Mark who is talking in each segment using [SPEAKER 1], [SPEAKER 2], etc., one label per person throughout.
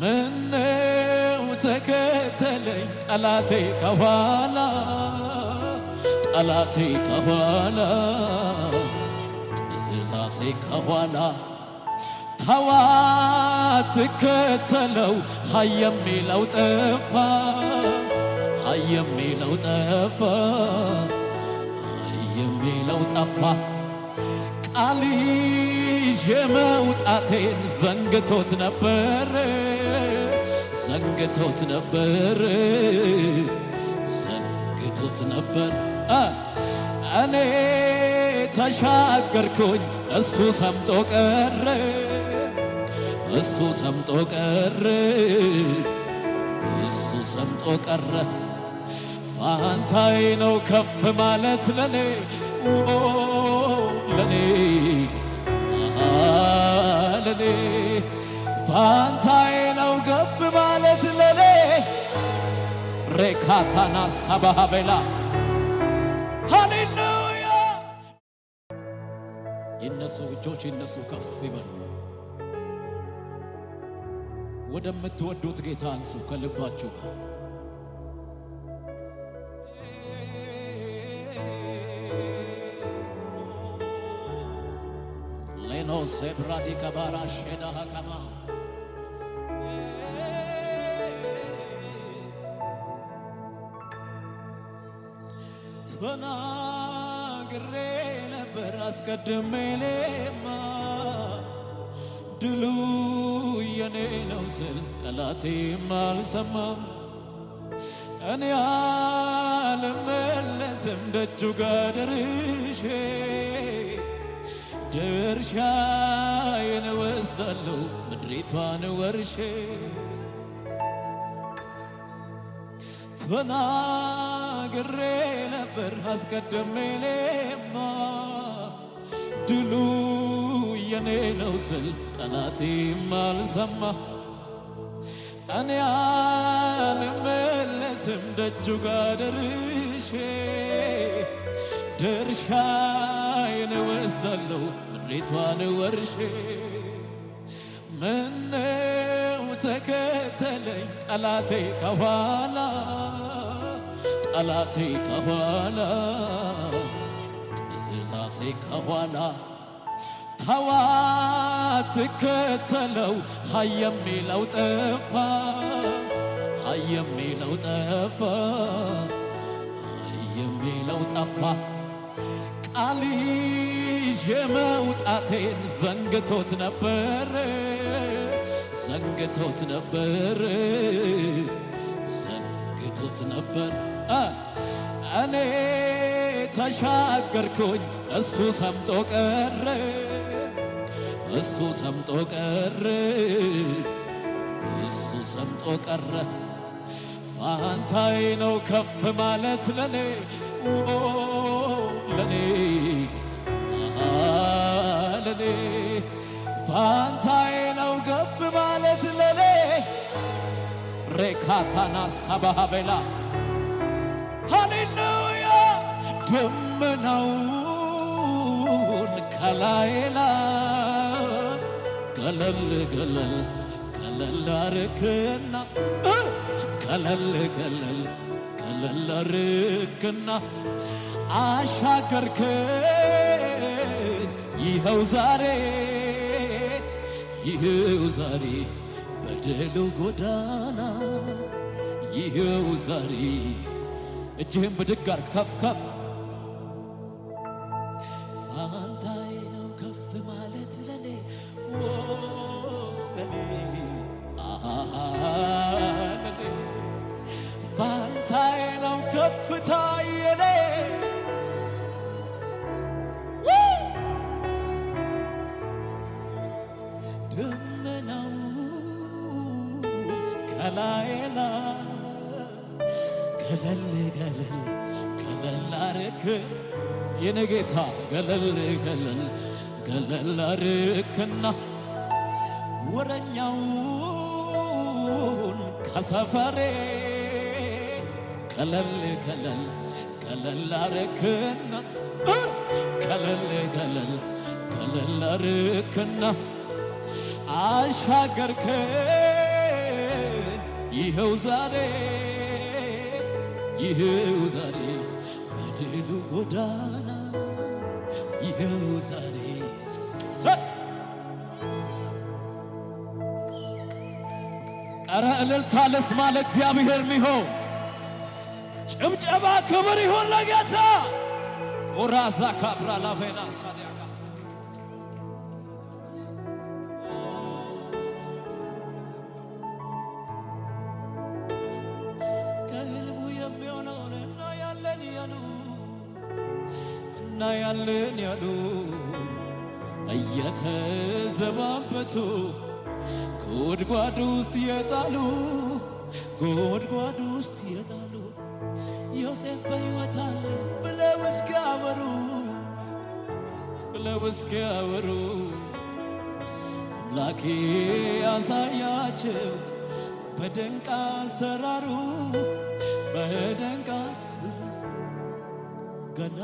[SPEAKER 1] ምነው ተከተለኝ ጠላቴ ከኋላ ጠላቴ ከኋላ ጠላቴ ከኋላ ተዋ ትከተለው ሀይ የሚለው ጠፋ ሀይ የሚለው ጠፋ ሀይ የሚለው ጠፋ ቃል ይዤ መውጣቴን ዘንግቶት ነበር ሰንግቶት ነበር ሰንግቶት ነበር እኔ ተሻገርኩኝ እሱ ሰምጦ ቀረ እሱ ሰምጦ ቀረ እሱ ሰምጦ ቀረ ፋንታይ ነው ከፍ ማለት ለኔ ለኔ ለኔ ፋንታዬ ነው ከፍ ማለት ለኔ ሬካታና ሳባሃቤላ ሃሌሉያ ይነሱ እጆች ይነሱ ከፍ ይበሉ። ወደምትወዱት ጌታ አንሱ ከልባችሁ ጋር ሌኖ ሴብራዲ ከባራ ሼዳሃ ከማ ተናግሬ ነበር አስቀድሜ ሌማ ድሉ የኔ ነው ስል ጠላቴም አልሰማም። እኔ አልመለስም ደጁ ጋር ደርሼ ድርሻዬን እወስዳለሁ ምድሪቷን ወርሼ ተናግሬ ነበር አስቀድሜ እኔማ ድሉ የኔ ነው ስል ጠላቴም አልሰማ እኔ አልመለስም ደጁ ጋር ደርሼ ድርሻዬን እወስዳለሁ ምድሪቷን ወርሼ ምነው ተከተለኝ ጠላቴ ከኋላ ጠላቴ ከኋላ ጠላቴ ከኋላ ተዋ ትከተለው ሀይ የሚለው ጠፋ ሀይ የሚለው ጠፋ ሀይ የሚለው ጠፋ ቃል ይዤ መውጣቴን ዘንግቶት ነበር ዘንግቶት ነበር ዘንግቶት ነበር እኔ ተሻገርኩኝ እሱ ሰምጦ ቀረ እሱ ሰምጦ ቀረ እሱ ሰምጦ ቀረ ፋንታይ ነው ከፍ ማለት ለኔ ለኔ ለኔ ፋንታይ ነው ከፍ ማለት ለኔ ሬካታና ሳባሃቤላ ደመናውን ከላይ ላይ ቀለል ገለል ቀለል አርክና ቀለል ገለል ቀለል አርክና አሻገርክ ይኸው ዛሬ ይኸው ዛሬ በድሉ ጎዳና ይኸው ዛሬ እጅህም ብድግ አርግ ከፍ ከፍ የኔ ጌታ ገለል ገለል ገለል አርክና ወረኛውን ከሰፈሬ ገለል ገለል ገለል አርክና ገለል ገለል ገለል አርክና አሻገርከን ይኸው ዛሬ ይኸው ዛሬ የድሉ ጎዳና ይኸው ዛሬ ኧረ እልልታ ለስማ ለእግዚአብሔር ሚሆን ጭብጨባ ክብር ይሁን ለጌታ ኦራዛ ካብራ ላቬና ሳዲያ እናያለን ያሉ እየተዘባበቱ ጎድጓድ ውስጥ የጣሉ ጎድጓድ ውስጥ የጣሉ ዮሴፍ በሕይወት አለ ብለው እስኪያወሩ ብለው እስኪያወሩ አምላኬ ያሳያቸው በደንቅ አሰራሩ በደንቅ ገና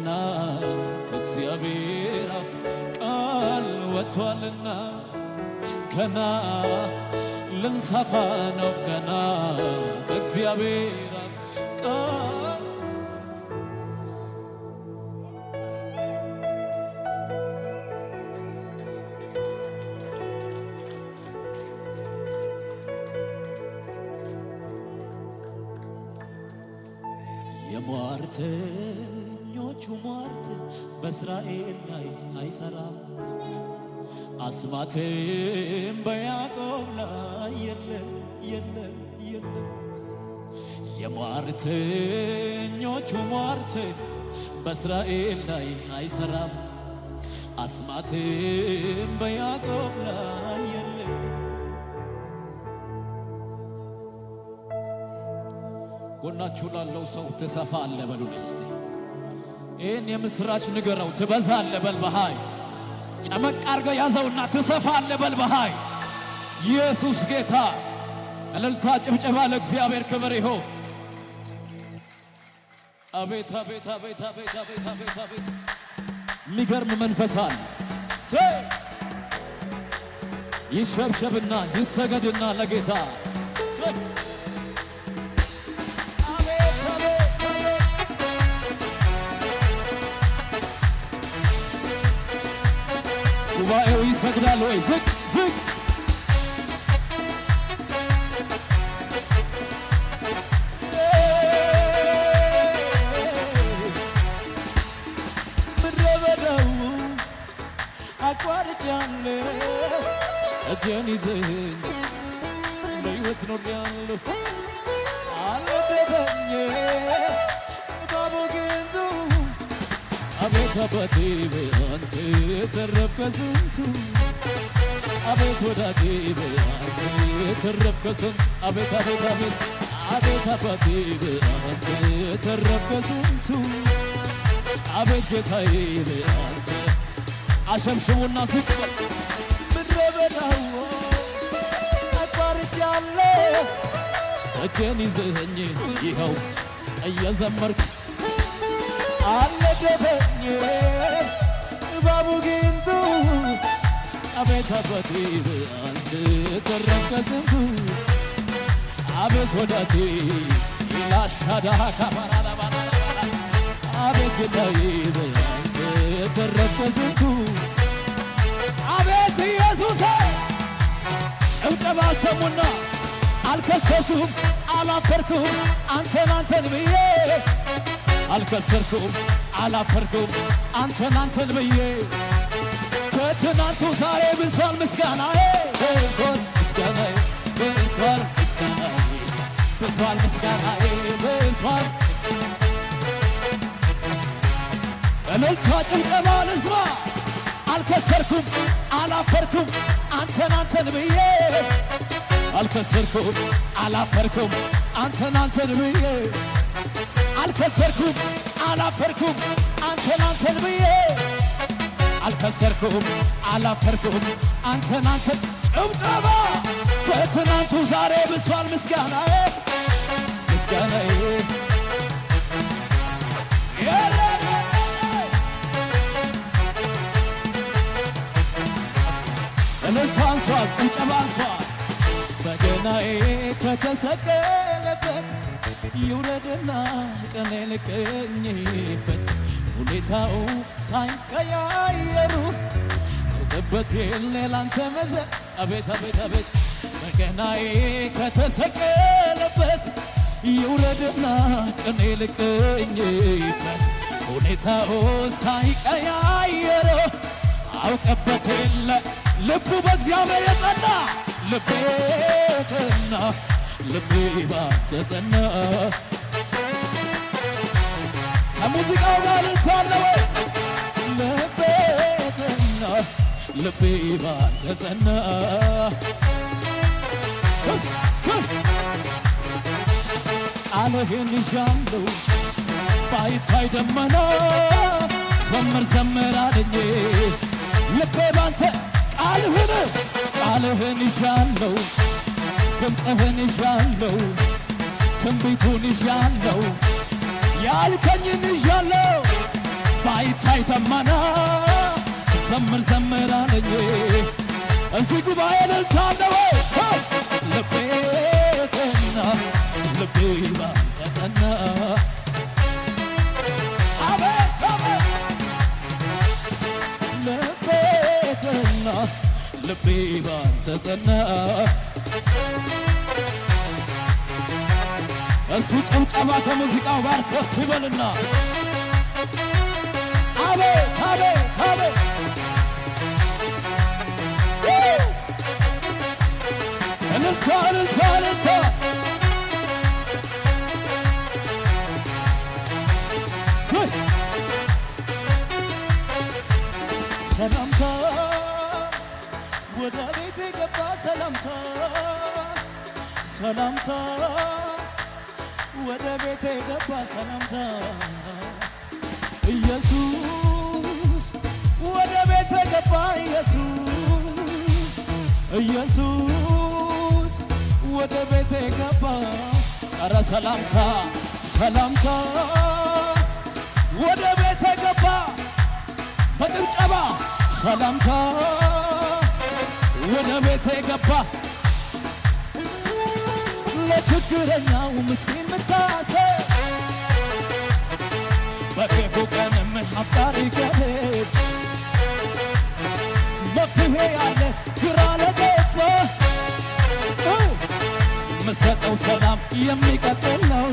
[SPEAKER 1] ገና ከእግዚአብሔር አፍ ቃል ወጥቷልና ገና ልንሰፋ ነው ገና ከእግዚአብሔር አፍ ቃል አስማትም በያዕቆብ ላይ የለም የለም የለም። የሟርተኞቹ ሟርት በእስራኤል ላይ አይሰራም። አስማትም በያዕቆብ ላይ የለም። ጎናችሁ ላለው ሰው ትሰፋ አለ በሉ። ይህን የምስራች ንገረው ትበዛ አለ በል በሃይ ጨመቅ አርገ ያዘውና ትሰፋለ በልበሃይ ኢየሱስ ጌታ። እልልታ ጭብጨባ ለእግዚአብሔር ክብር ይሁን። አቤት አቤት አቤት አቤት አቤት አቤት አቤት! የሚገርም መንፈስ አለ። ይሸብሸብና ይሰገድና ለጌታ ጉባኤው ይሰግዳል ወይ? ዝቅ ዝቅ ምድረበዳው አቋርጫለሁ እጄን ይዘኝ በሕይወት ኖሬያለሁ አቤት አባቴ በአንተ ተረፍኩ ከስንቱ አቤት ወዳጄ በአንተ ተረፍኩ ከስንቱ አቤት አቤት አቤት አቤት አባቴ በአንተ ተረፍኩ ከስንቱ አቤት ጌታዬ በአንተ አሸምሽሙና ስቅ ምድረ በዳው አቋርጫለሁ እጄን ይዘኸኝ ይኸው እየዘመርኩ አልነደፈኝ እባቡ ጊንጡ አቤት አባቴ አንተ ተረፍ ከስንቱ አቤት ወዳቴ ላሻዳ ካባራባራ አቤት ጌታዬ አንተ ተረፍ አቤት ኢየሱስ ጭብጨባ ሰሙና አልከሰኩም አላፈርኩም አንተን አንተን ብዬ አልከሰርኩም፣ አላፈርኩም አንተን አንተን ብዬ ከትናንቱ ዛሬ ብሷል ምስጋና ብሷል ምስጋና ብሷል ምስጋና ብሷል ምስጋና ብሷል እልልታ ጭብጨባ ልስማ። አልከሰርኩም፣ አላፈርኩም አንተን አንተን ብዬ አልከሰርኩም፣ አላፈርኩም አንተን አንተን ብዬ አልከሰርኩም፣ አላፈርኩም አንተን አንተን ብዬ አልከሰርኩም፣ አላፈርኩም አንተን አንተን ጭብጨባ ከትናንቱ ዛሬ ብሷል ምስጋና ምስጋናዬ እልልታ አንሷል፣ ጭብጨባ አንሷል በገናዬ ከተሰቀለበት ይውረድና ቀኔ ልቅኝበት ሁኔታው ሳይቀያየሩ እውቅበት ሌላንተ መዘ አቤት አቤት አቤት በገናዬ ከተሰቀለበት ይውረድና ቀኔ ልቅኝበት ሁኔታው ሳይቀያየሩ አውቀበት የለ ልቡ በእግዚአብሔር የጸና ልቤትና ልቤ ባንተ ጸና። ከሙዚቃው ጋር ልታለወ ልቤ ልቤ ባንተ ቃልህን ይዣለሁ ባይታይ ደመና ዘምር ዘምር አለኝ ልቤ ባንተ ቃልህን ቃልህን ይዣለሁ ድምፅህን ይዣለው፣ ትንቢቱን ይዣለው፣ ያልከኝን ይዣለው። ባይታይ ተማና ዘምር ዘምር አለኝ እዚህ ጉባኤ ልልታለው ልቤ ልቤ ባንተጠና አቤት ልቤ ቀና ልቤ እስቲ ጭብጨባ ከሙዚቃው ጋር ከፍ ይበልና አቤት አቤት አቤት ሰላምታ ወደ ቤት የገባ ሰላምታ ሰላምታ ወደ ቤቴ የገባ ሰላምታ ኢየሱስ ወደ ቤቴ ገባ ኢየሱስ ኢየሱስ ወደ ቤቴ የገባ ኧረ ሰላምታ ሰላምታ ወደ ቤቴ የገባ በጭብጨባ ሰላምታ ወደ ቤቴ ገባ ለችግረኛው ምስኪን ምታስብ በክፉ ቀን ምን አፍቃሪ ገብ መፍትሄ ያለ ግራ ለገባ ምሰጠው ሰላም የሚቀጥል ነው።